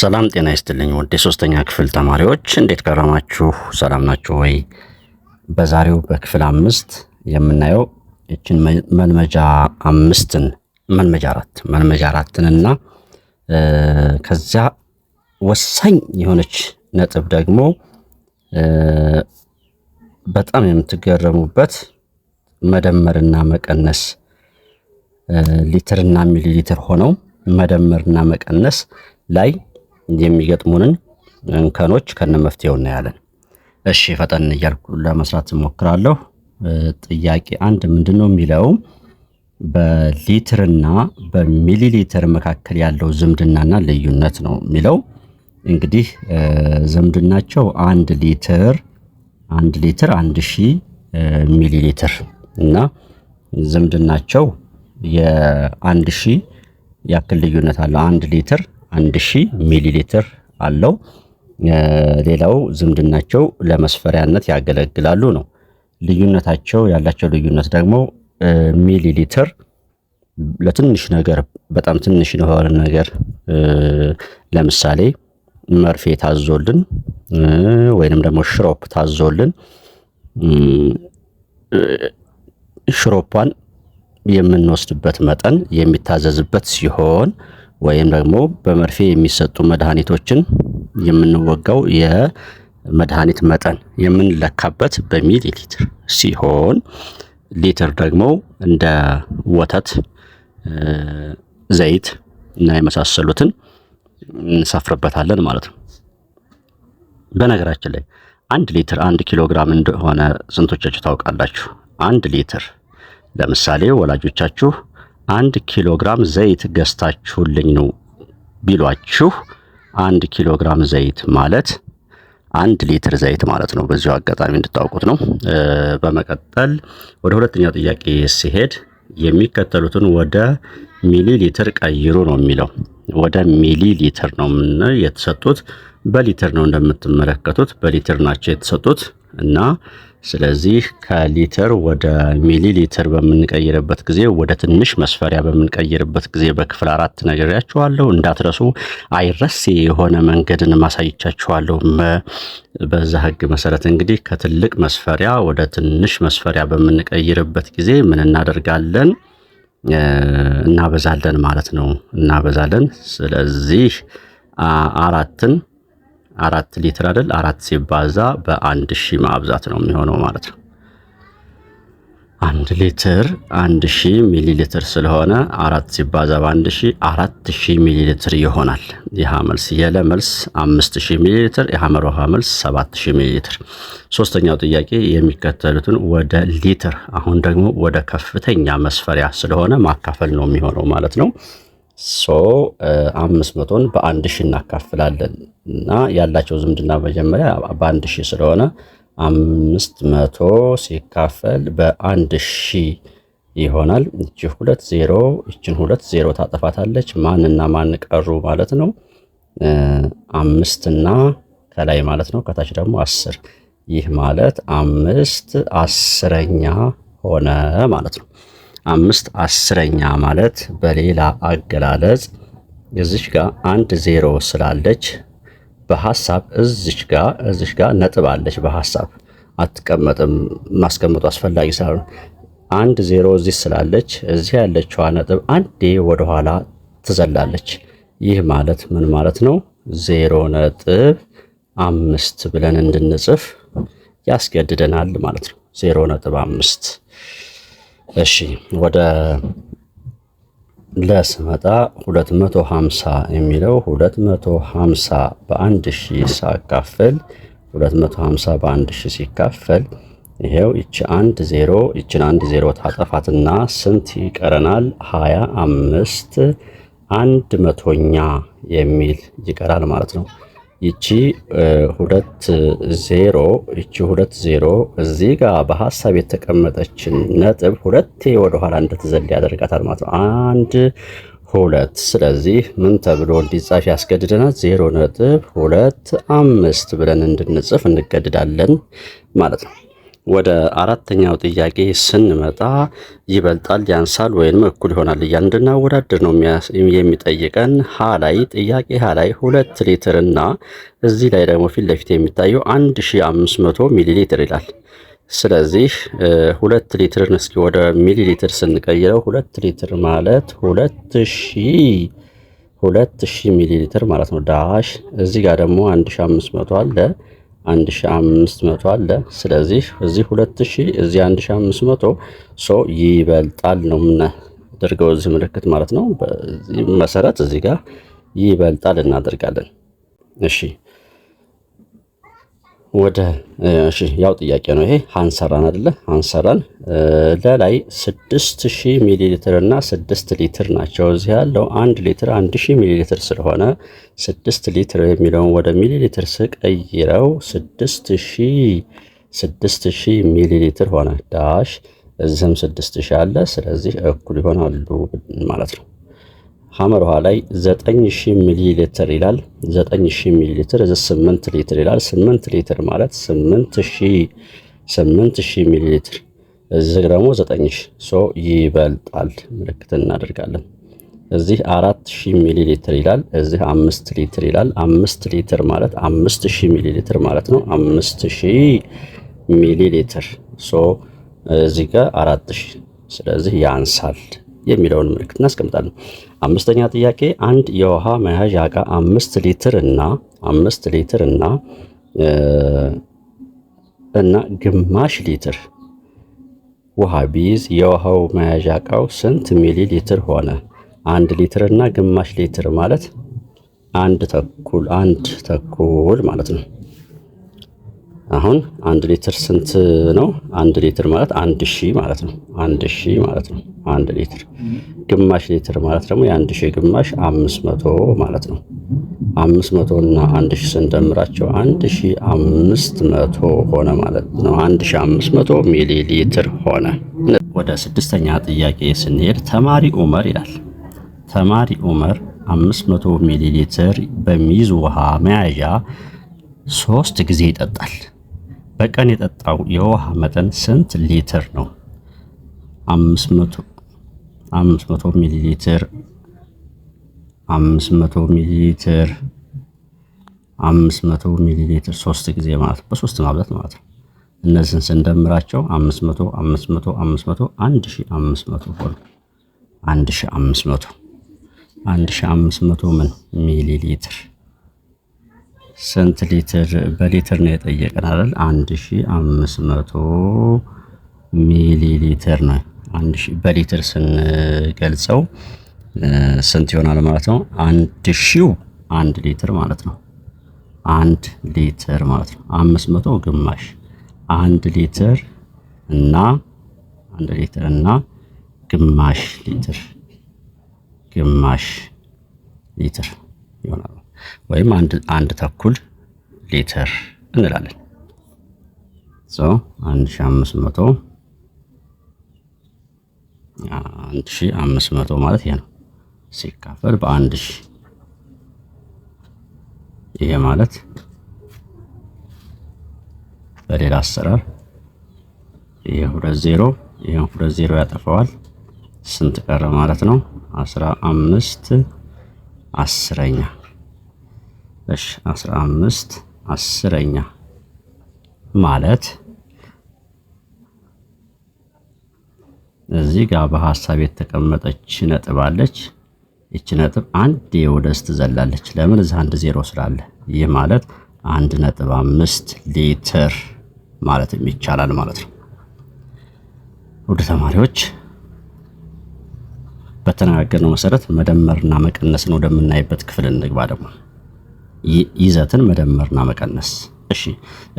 ሰላም ጤና ይስጥልኝ ወደ ሶስተኛ ክፍል ተማሪዎች እንዴት ከረማችሁ? ሰላም ናችሁ ወይ? በዛሬው በክፍል አምስት የምናየው ይችን መልመጃ አምስትን መልመጃ አራት መልመጃ እና ከዚያ ወሳኝ የሆነች ነጥብ ደግሞ በጣም የምትገረሙበት መደመርና መቀነስ ሊትርና ሚሊሊትር ሆነው መደመርና መቀነስ ላይ የሚገጥሙንን እንከኖች ከነ እናያለን። እሺ ፈጠን እያልኩ ለመስራት እሞክራለሁ። ጥያቄ አንድ ምንድን ነው የሚለው በሊትርና በሚሊሊትር መካከል ያለው ዝምድናና ልዩነት ነው የሚለው። እንግዲህ ዝምድናቸው አንድ ሊትር አንድ ሊትር አንድ ሺህ ሚሊ ሊትር እና ዝምድናቸው የአንድ ሺህ ያክል ልዩነት አለው። አንድ ሊትር አንድ ሺህ ሚሊ ሊትር አለው። ሌላው ዝምድናቸው ለመስፈሪያነት ያገለግላሉ ነው። ልዩነታቸው ያላቸው ልዩነት ደግሞ ሚሊ ሊትር ለትንሽ ነገር በጣም ትንሽ የሆነ ነገር ለምሳሌ መርፌ ታዞልን ወይንም ደግሞ ሽሮፕ ታዞልን ሽሮፓን የምንወስድበት መጠን የሚታዘዝበት ሲሆን ወይም ደግሞ በመርፌ የሚሰጡ መድኃኒቶችን የምንወጋው የመድኃኒት መጠን የምንለካበት በሚሊ ሊትር ሲሆን ሊትር ደግሞ እንደ ወተት፣ ዘይት እና የመሳሰሉትን እንሰፍርበታለን ማለት ነው። በነገራችን ላይ አንድ ሊትር አንድ ኪሎ ግራም እንደሆነ ስንቶቻችሁ ታውቃላችሁ? አንድ ሊትር ለምሳሌ ወላጆቻችሁ አንድ ኪሎ ግራም ዘይት ገዝታችሁልኝ ነው ቢሏችሁ አንድ ኪሎ ግራም ዘይት ማለት አንድ ሊትር ዘይት ማለት ነው። በዚሁ አጋጣሚ እንድታውቁት ነው። በመቀጠል ወደ ሁለተኛው ጥያቄ ሲሄድ የሚከተሉትን ወደ ሚሊ ሊትር ቀይሩ ነው የሚለው። ወደ ሚሊ ሊትር ነው የተሰጡት፣ በሊትር ነው እንደምትመለከቱት፣ በሊትር ናቸው የተሰጡት እና ስለዚህ ከሊትር ወደ ሚሊ ሊትር በምንቀይርበት ጊዜ ወደ ትንሽ መስፈሪያ በምንቀይርበት ጊዜ በክፍል አራት ነግሬያችኋለሁ። እንዳትረሱ። አይረሴ የሆነ መንገድን ማሳይቻችኋለሁ። በዛ ህግ መሰረት እንግዲህ ከትልቅ መስፈሪያ ወደ ትንሽ መስፈሪያ በምንቀይርበት ጊዜ ምን እናደርጋለን? እናበዛለን ማለት ነው። እናበዛለን። ስለዚህ አራትን አራት ሊትር አይደል? አራት ሲባዛ በአንድ ሺህ ማብዛት ነው የሚሆነው ማለት ነው። አንድ ሊትር አንድ ሺህ ሚሊ ሊትር ስለሆነ አራት ሲባዛ በአንድ ሺህ አራት ሺህ ሚሊ ሊትር ይሆናል። ይህ መልስ የለ መልስ አምስት ሺህ ሚሊ ሊትር፣ የሐመር ውሃ መልስ ሰባት ሺህ ሚሊ ሊትር። ሶስተኛው ጥያቄ የሚከተሉትን ወደ ሊትር አሁን ደግሞ ወደ ከፍተኛ መስፈሪያ ስለሆነ ማካፈል ነው የሚሆነው ማለት ነው። ሶ አምስት መቶን በአንድ ሺህ እናካፍላለን እና ያላቸው ዝምድና መጀመሪያ በአንድ ሺህ ስለሆነ አምስት መቶ ሲካፈል በአንድ ሺህ ይሆናል። እቺ ሁለት ዜሮ እችን ሁለት ዜሮ ታጠፋታለች። ማንና ማን ቀሩ ማለት ነው? አምስትና ከላይ ማለት ነው። ከታች ደግሞ አስር። ይህ ማለት አምስት አስረኛ ሆነ ማለት ነው። አምስት አስረኛ ማለት በሌላ አገላለጽ እዚች ጋር አንድ ዜሮ ስላለች በሀሳብ እዚች ጋር እዚች ጋር ነጥብ አለች። በሀሳብ አትቀመጥም። ማስቀመጡ አስፈላጊ ስላልሆነ አንድ ዜሮ እዚህ ስላለች እዚህ ያለችዋ ነጥብ አንዴ ወደኋላ ትዘላለች። ይህ ማለት ምን ማለት ነው? ዜሮ ነጥብ አምስት ብለን እንድንጽፍ ያስገድደናል ማለት ነው። ዜሮ ነጥብ አምስት እሺ ወደ ለስመጣ 250 የሚለው 250 በአንድ ሺህ ሳካፍል 250 በአንድ ሺህ ሲካፈል ይሄው ይቺ አንድ ዜሮ ይችን አንድ ዜሮ ታጠፋትና ስንት ይቀረናል? 25 አምስት አንድ መቶኛ የሚል ይቀራል ማለት ነው። ይቺ ሁለት ዜሮ ይቺ ሁለት ዜሮ እዚህ ጋር በሀሳብ የተቀመጠችን ነጥብ ሁለቴ ወደኋላ እንድትዘል ያደርጋታል ማለት ነው። አንድ ሁለት። ስለዚህ ምን ተብሎ እንዲጻፍ ያስገድደናል? ዜሮ ነጥብ ሁለት አምስት ብለን እንድንጽፍ እንገድዳለን ማለት ነው። ወደ አራተኛው ጥያቄ ስንመጣ ይበልጣል፣ ያንሳል ወይንም እኩል ይሆናል እያል እንድናወዳድር ነው የሚጠይቀን። ሀ ላይ ጥያቄ ሀ ላይ ሁለት ሊትር እና እዚህ ላይ ደግሞ ፊት ለፊት የሚታየው 1500 ሚሊ ሊትር ይላል። ስለዚህ ሁለት ሊትርን እስኪ ወደ ሚሊ ሊትር ስንቀይረው ሁለት ሊትር ማለት ሁለት ሺ ሁለት ሺ ሚሊ ሊትር ማለት ነው። ዳሽ እዚህ ጋር ደግሞ አንድ ሺ አምስት መቶ አለ 1500 አለ። ስለዚህ እዚህ 2000 እዚህ 1500 ሶ ይበልጣል ነው የምናደርገው እዚህ ምልክት ማለት ነው። በዚህ መሰረት እዚህ ጋር ይበልጣል እናደርጋለን። እሺ ወደ እሺ ያው ጥያቄ ነው ይሄ ሃንሰራን አይደለ? ሃንሰራን ለላይ 6000 ሚሊ ሊትር እና 6 ሊትር ናቸው። እዚህ ያለው 1 ሊትር 1000 ሚሊ ሊትር ስለሆነ 6 ሊትር የሚለውን ወደ ሚሊ ሊትር ስቀይረው 6000 6000 ሚሊ ሊትር ሆነ። ዳሽ እዚህም 6000 አለ። ስለዚህ እኩል ይሆናሉ ማለት ነው። ሐመር ውሃ ላይ 9000 ሚሊ ሊትር ይላል። 9000 ሚሊ ሊትር እዚ 8 ሊትር ይላል። 8 ሊትር ማለት 8000 8000 ሚሊ ሊትር እዚህ ደግሞ 9000 ሶ ይበልጣል። ምልክት እናደርጋለን። እዚህ 4000 ሚሊ ሊትር ይላል። እዚህ 5 ሊትር ይላል። 5 ሊትር ማለት 5000 ሚሊ ሊትር ማለት ነው። 5000 ሚሊ ሊትር ሶ እዚህ ጋር 4000 ስለዚህ ያንሳል። የሚለውን ምልክት እናስቀምጣለን። አምስተኛ ጥያቄ አንድ የውሃ መያዣ እቃ አምስት ሊትር እና አምስት ሊትር እና እና ግማሽ ሊትር ውሃ ቢይዝ የውሃው መያዣ እቃው ስንት ሚሊ ሊትር ሆነ? አንድ ሊትር እና ግማሽ ሊትር ማለት አንድ ተኩል አንድ ተኩል ማለት ነው። አሁን አንድ ሊትር ስንት ነው? አንድ ሊትር ማለት አንድ ሺህ ማለት ነው። አንድ ሺህ ማለት ነው። አንድ ሊትር ግማሽ ሊትር ማለት ደግሞ የአንድ ሺህ ግማሽ አምስት መቶ ማለት ነው። አምስት መቶ እና አንድ ሺህ ስንደምራቸው አንድ ሺህ አምስት መቶ ሆነ ማለት ነው። አንድ ሺህ አምስት መቶ ሚሊ ሊትር ሆነ። ወደ ስድስተኛ ጥያቄ ስንሄድ ተማሪ ኡመር ይላል። ተማሪ ኡመር አምስት መቶ ሚሊ ሊትር በሚይዝ ውሃ መያዣ ሶስት ጊዜ ይጠጣል። በቀን የጠጣው የውሃ መጠን ስንት ሊትር ነው? 500 ሚሊ ሊትር 500 ሚሊ ሊትር 500 ሚሊ ሊትር ሶስት ጊዜ ማለት በሶስት ማብዛት ማለት ነው። እነዚህን ስንደምራቸው 500 500 500 1500 ሆነ 1500 1500 ምን ሚሊ ሊትር ስንት ሊትር በሊትር ነው የጠየቀን አይደል? መቶ ሚሊ ሊትር ነው። በሊትር ስንገልጸው ስንት ይሆናል ማለት ነው? አንድ ሺው አንድ ሊትር ማለት ነው። አንድ ሊትር ማለት ነው። መቶ ግማሽ አንድ ሊትር እና አንድ ሊትር እና ግማሽ ሊትር ግማሽ ሊትር ይሆናል። ወይም አንድ ተኩል ሊትር እንላለን። አንድ ሺህ አምስት ማለት ይሄ ነው ሲካፈል በአንድ ሺህ ይሄ ማለት በሌላ አሰራር ይሄ ሁለት ዜሮ ይሄን ሁለት ዜሮ ያጠፋዋል። ስንት ቀረ ማለት ነው? አስራ አምስት አስረኛ እሺ አስራ አስረኛ ማለት እዚህ ጋር በሀሳብ የተቀመጠች ነጥብ አለች። ይች ነጥብ አንድ ወደ ትዘላለች። ለምን? እዚህ አንድ ዜሮ ስላለ። ይህ ማለት አንድ ነጥብ አምስት ሊትር ማለትም ይቻላል ማለት ነው። ውድ ተማሪዎች በተነጋገርነው መሰረት መደመርና መቀነስን ወደምናይበት ክፍል እንግባ ደግሞ ይዘትን መደመርና መቀነስ። እሺ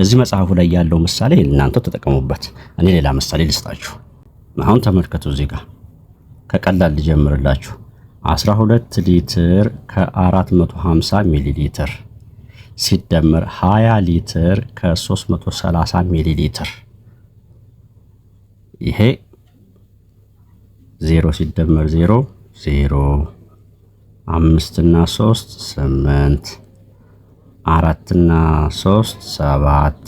እዚህ መጽሐፉ ላይ ያለው ምሳሌ እናንተ ተጠቀሙበት። እኔ ሌላ ምሳሌ ልስጣችሁ። አሁን ተመልከቱ እዚህ ጋር ከቀላል ልጀምርላችሁ። 12 ሊትር ከ450 ሚሊ ሊትር ሲደመር 20 ሊትር ከ330 ሚሊ ሊትር ይሄ 0 ሲደመር 0 0 5 እና 3 8 አራትና ሶስት ሰባት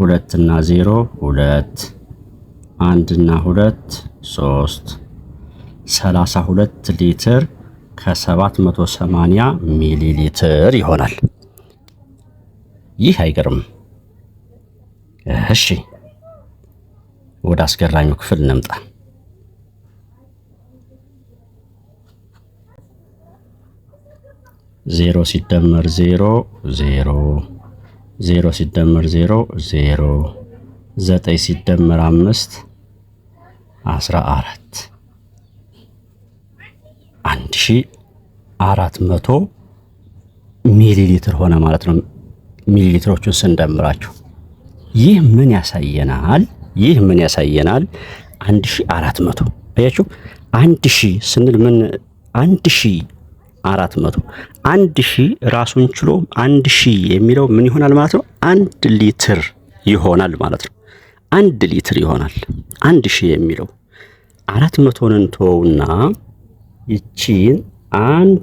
ሁለትና ዜሮ ሁለት አንድና ሁለት ሶስት ሰላሳ ሁለት ሊትር ከሰባት መቶ ሰማንያ ሚሊ ሊትር ይሆናል። ይህ አይገርም? እሺ ወደ አስገራኙ ክፍል እንምጣ። ዜሮ ሲደመር ዜሮ ዜሮ ዜሮ ሲደመር ዜሮ ዜሮ ዘጠኝ ሲደመር አምስት አስራ አራት አንድ ሺ አራት መቶ ሚሊ ሊትር ሆነ ማለት ነው። ሚሊ ሊትሮቹን ስንደምራቸው ይህ ምን ያሳየናል? ይህ ምን ያሳየናል? አንድ ሺ አራት መቶ አያችሁ። አንድ ሺ ስንል ምን አንድ ሺ አራት መቶ አንድ ሺህ ራሱን ችሎ አንድ ሺህ የሚለው ምን ይሆናል ማለት ነው? አንድ ሊትር ይሆናል ማለት ነው። አንድ ሊትር ይሆናል አንድ ሺህ የሚለው አራት መቶን እንተወውና ይቺን አንድ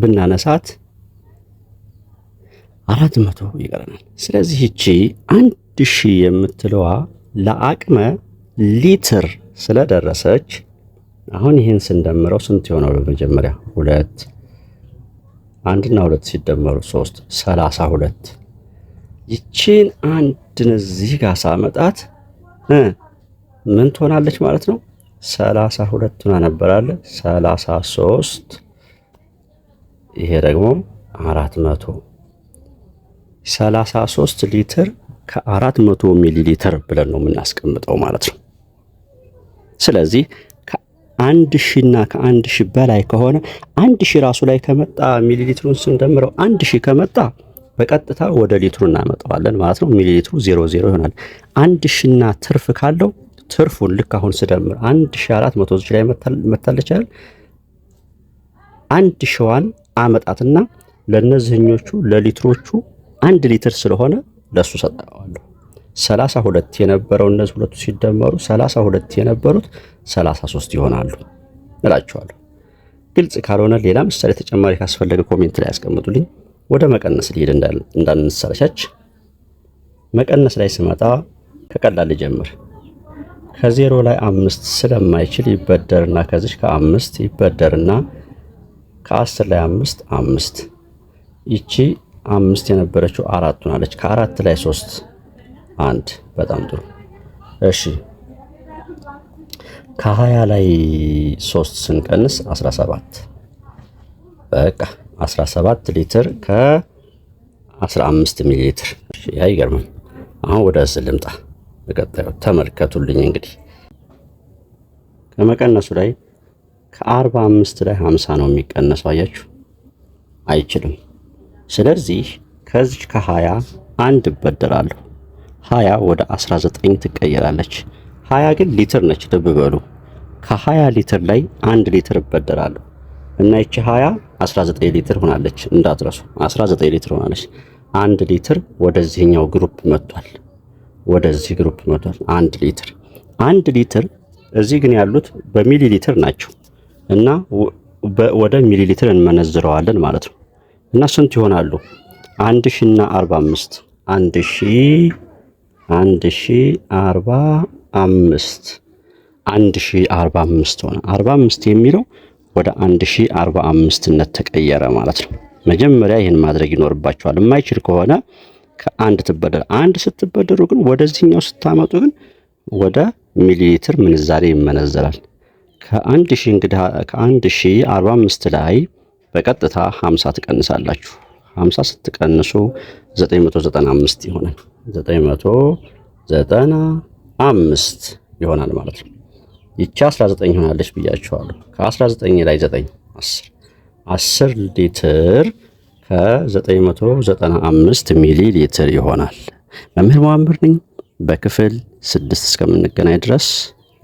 ብናነሳት አራት መቶ ይቀረናል። ስለዚህ ይቺ አንድ ሺህ የምትለዋ ለአቅመ ሊትር ስለደረሰች አሁን ይህን ስንደምረው ስንት ይሆናል? በመጀመሪያ ሁለት አንድና ሁለት ሲደመሩ ሶስት ሰላሳ ሁለት ይቺን አንድን እዚህ ጋር ሳመጣት ምን ትሆናለች ማለት ነው? ሰላሳ ሆና ሰላሳ ሶስት ይሄ ደግሞ አራት መቶ ሰላሳ ሶስት ሊትር ከአራት መቶ ሚሊ ሊትር ብለን ነው የምናስቀምጠው ማለት ነው። ስለዚህ አንድ ሺና ከአንድ ሺ በላይ ከሆነ አንድ ሺ ራሱ ላይ ከመጣ ሚሊሊትሩን ስንደምረው አንድ ሺ ከመጣ በቀጥታ ወደ ሊትሩ እናመጣዋለን ማለት ነው። ሚሊሊትሩ ዜሮ ዜሮ ይሆናል። አንድ ሺና ትርፍ ካለው ትርፉን ልክ አሁን ስደምር አንድ ሺ አራት መቶ ዚች ላይ መታለቻል አንድ ሺዋን አመጣትና ለእነዚህኞቹ ለሊትሮቹ አንድ ሊትር ስለሆነ ለእሱ ሰጠዋለሁ። ሰላሳ ሁለት የነበረው እነዚህ ሁለቱ ሲደመሩ ሰላሳ ሁለት የነበሩት ሰላሳ ሶስት ይሆናሉ እላችኋለሁ። ግልጽ ካልሆነ ሌላ ምሳሌ ተጨማሪ ካስፈለገ ኮሜንት ላይ ያስቀምጡልኝ። ወደ መቀነስ ሊሄድ እንዳንሰለቻች መቀነስ ላይ ስመጣ ከቀላል ጀምር። ከዜሮ ላይ አምስት ስለማይችል ይበደርና ከዚች ከአምስት ይበደርና ከአስር ላይ አምስት አምስት ይቺ አምስት የነበረችው አራት ሆናለች። ከአራት ላይ ሶስት አንድ በጣም ጥሩ እሺ ከሀያ ላይ ሶስት ስንቀንስ 17 በቃ 17 ሊትር ከ15 ሚሊ ሊትር ያ ይገርማል። አሁን ወደ እዚህ ልምጣ። በቀጣዩ ተመልከቱልኝ እንግዲህ ከመቀነሱ ላይ ከ45 ላይ 50 ነው የሚቀነሰው። አያችሁ አይችልም። ስለዚህ ከዚች ከ20 አንድ እበደራለሁ ሃያ ወደ 19 ትቀየራለች። ሃያ ግን ሊትር ነች። ልብ በሉ ሊትር ላይ አንድ ሊትር እበደራለሁ እና ይቺ ሃያ 19 ሊትር ሆናለች። እንዳትረሱ 19 ሊትር ሆናለች። አንድ ሊትር ወደዚህኛው ግሩፕ መጥቷል። ወደዚህ ግሩፕ መጥቷል። አንድ ሊትር አንድ ሊትር እዚህ ግን ያሉት በሚሊ ሊትር ናቸው እና ወደ ሚሊ ሊትር እንመነዝረዋለን ማለት ነው እና ስንት ይሆናሉ? አንድ ሺና አርባ አምስት አንድ ሺ አንድ ሺ አርባ አምስት አንድ ሺ አርባ አምስት ሆነ። አርባ አምስት የሚለው ወደ አንድ ሺ አርባ አምስትነት ተቀየረ ማለት ነው። መጀመሪያ ይህን ማድረግ ይኖርባቸዋል። የማይችል ከሆነ ከአንድ ትበደር አንድ ስትበደሩ ግን ወደዚህኛው ስታመጡ ግን ወደ ሚሊሊትር ምንዛሬ ይመነዘራል። ከአንድ ሺ እንግዲህ ከአንድ ሺ አርባ አምስት ላይ በቀጥታ ሀምሳ ትቀንሳላችሁ። ሀምሳ ስትቀንሱ ዘጠኝ መቶ ዘጠና አምስት ይሆናል። ዘጠኝ መቶ ዘጠና አምስት ይሆናል ማለት ነው። ይቺ 19 ይሆናለች ብያችኋለሁ። ከ19 ላይ 9 10 10 ሊትር ከ995 ሚሊ ሊትር ይሆናል። መምህር መዋምር ነኝ። በክፍል ስድስት እስከምንገናኝ ድረስ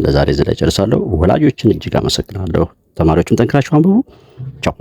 ለዛሬ ዝላይ ጨርሳለሁ። ወላጆችን እጅግ አመሰግናለሁ። ተማሪዎችም ጠንክራችሁ አንብቡ። ቻው